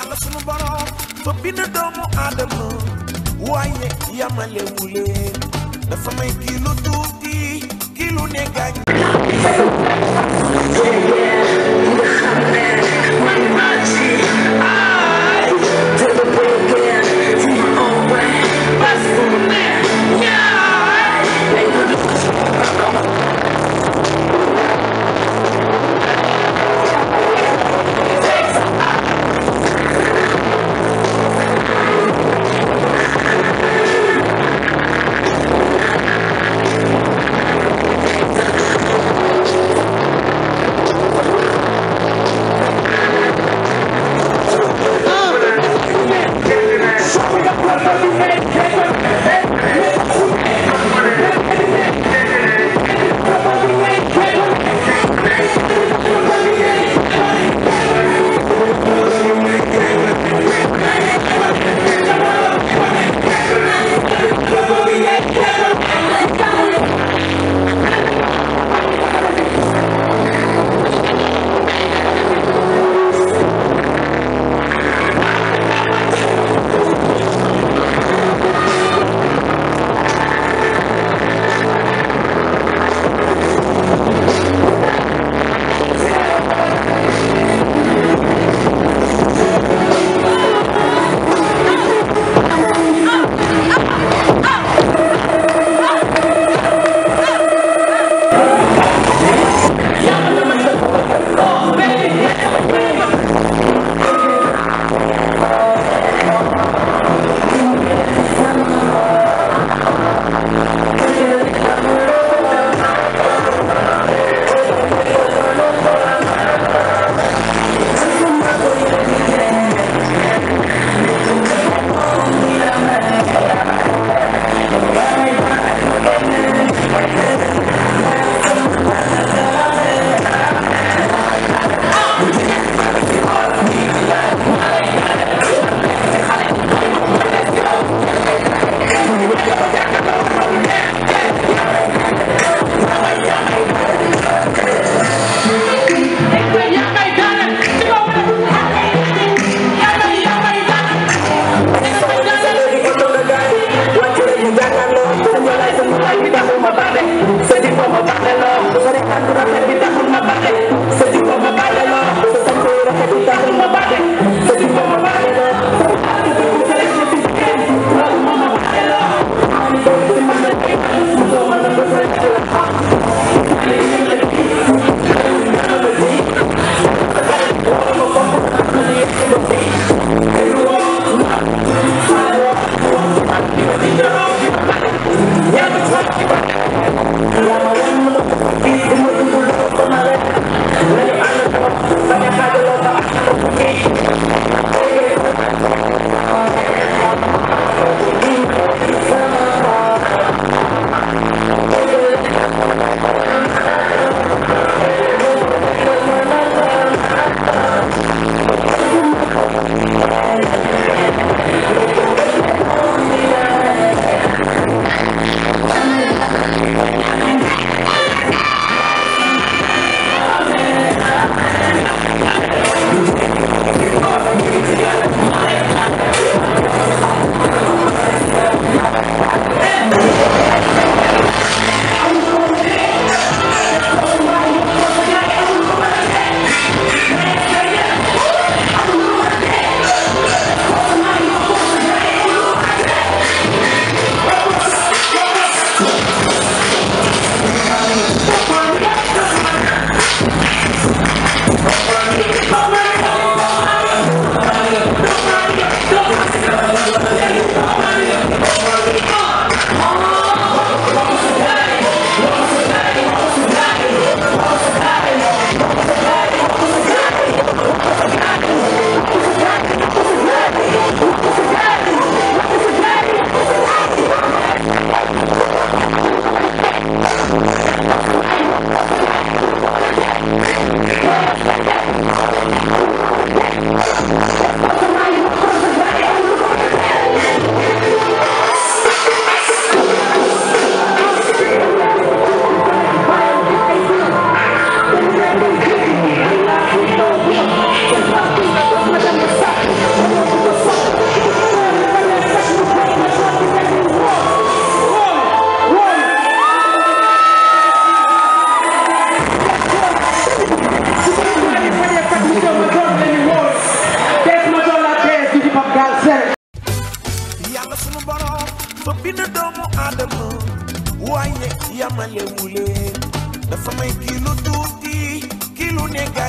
yàlla sunu borom ba bind doomu aadama waaye yamalewuleen dafa may kii tuuti kii ne gaañ Thank you. fa bind doomu aadama waaye yamale wu leen dafa may kii lu tuuti kii